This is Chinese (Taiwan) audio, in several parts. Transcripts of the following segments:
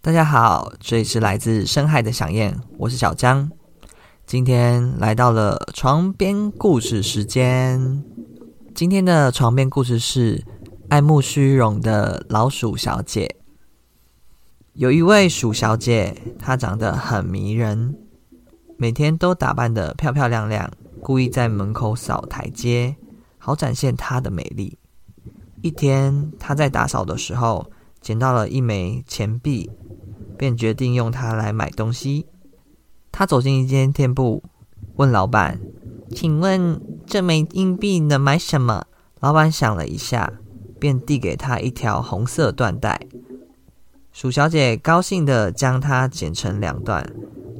大家好，這裡是來自深海的響燕，我是小江。今天來到了床邊故事時間。今天的床邊故事是愛慕虛榮的老鼠小姐。有一位鼠小姐，她長得很迷人，每天都打扮得漂漂亮亮，故意在門口掃台階，好展現她的美麗。一天，她在打掃的時候，撿到了一枚錢幣。便決定用它來買東西。她走進一間店鋪，問老闆：“請問這枚硬幣能買什麼？”老闆想了一下，便遞給她一條紅色緞帶。鼠小姐高興地將它剪成兩段，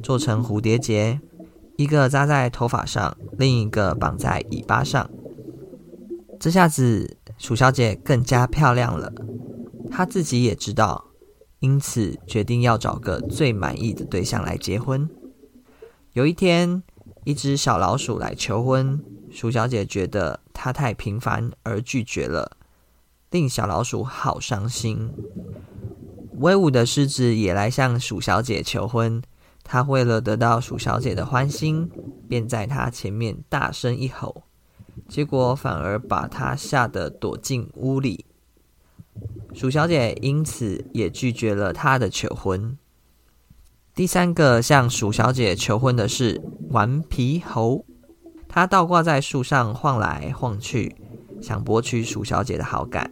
做成蝴蝶結，一個紮在頭髮上，另一個綁在尾巴上。這下子，鼠小姐更加漂亮了。她自己也知道。因此，決定要找個最滿意的對象來結婚。有一天，一隻小老鼠來求婚，鼠小姐覺得它太平凡而拒絕了，令小老鼠好傷心。威武的獅子也來向鼠小姐求婚，他為了得到鼠小姐的歡心，便在她前面大聲一吼，結果反而把她嚇得躲進屋裡。鼠小姐因此也拒絕了他的求婚。第三個向鼠小姐求婚的是頑皮猴，他倒掛在樹上晃來晃去，想博取鼠小姐的好感。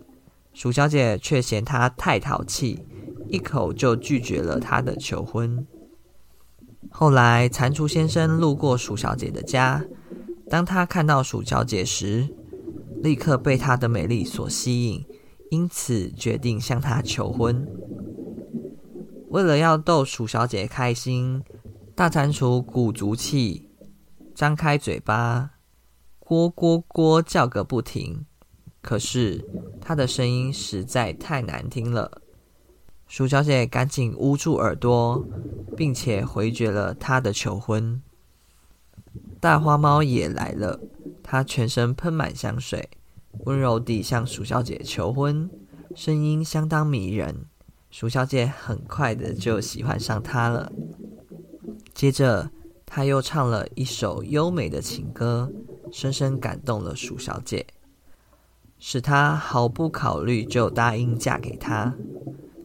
鼠小姐卻嫌他太淘氣，一口就拒絕了他的求婚。後來，蟾蜍先生路過鼠小姐的家，當他看到鼠小姐時，立刻被她的美麗所吸引。因此決定向她求婚。為了要逗鼠小姐開心，大蟾蜍鼓足氣，張開嘴巴，咕咕咕叫個不停。可是它的聲音實在太難聽了，鼠小姐趕緊捂住耳朵，並且回絕了他的求婚。大花貓也來了，它全身噴滿香水。溫柔地向鼠小姐求婚，聲音相當迷人。鼠小姐很快的就喜歡上他了。接着，他又唱了一首優美的情歌，深深感動了鼠小姐，使她毫不考慮就答應嫁給他。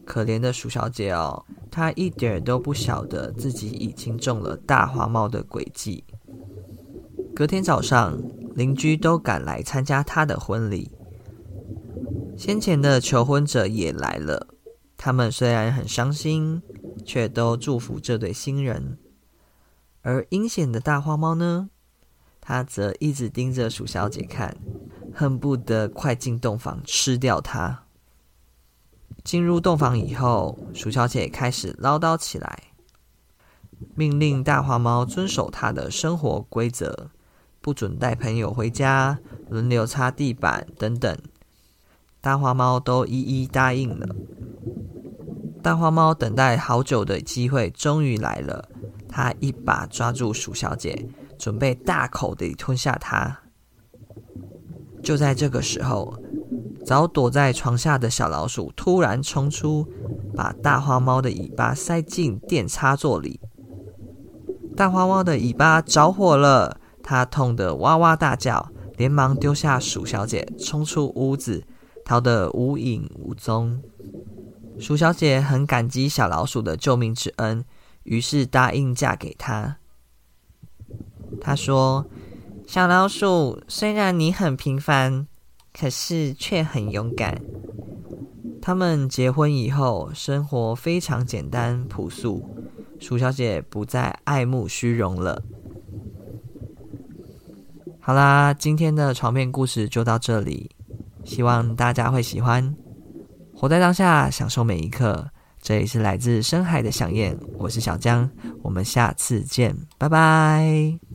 可憐的鼠小姐哦，她一點都不曉得自己已經中了大花貓的詭計。隔天早上。鄰居都趕來參加他的婚禮，先前的求婚者也來了。他們雖然很傷心，卻都祝福這對新人。而陰險的大花貓呢？他則一直盯着鼠小姐看，恨不得快進洞房吃掉它。進入洞房以後，鼠小姐開始嘮叨起來，命令大花貓遵守她的生活規則。不准帶朋友回家，輪流擦地板等等，大花貓都一一答應了。大花貓等待好久的機會終於來了，它一把抓住鼠小姐，準備大口地吞下它。就在這個時候，早躲在床下的小老鼠突然衝出，把大花貓的尾巴塞進電插座裡。大花貓的尾巴着火了。他痛得哇哇大叫，連忙丟下鼠小姐，衝出屋子，逃得無影無蹤。鼠小姐很感激小老鼠的救命之恩，於是答應嫁給他。她說：“小老鼠，雖然你很平凡，可是卻很勇敢。”他們結婚以後，生活非常簡單樸素。鼠小姐不再愛慕虛榮了。好啦，今天的床邊故事就到這裡，希望大家會喜歡。活在當下，享受每一刻。這裡是來自深海的想念，我是小江，我們下次見，拜拜。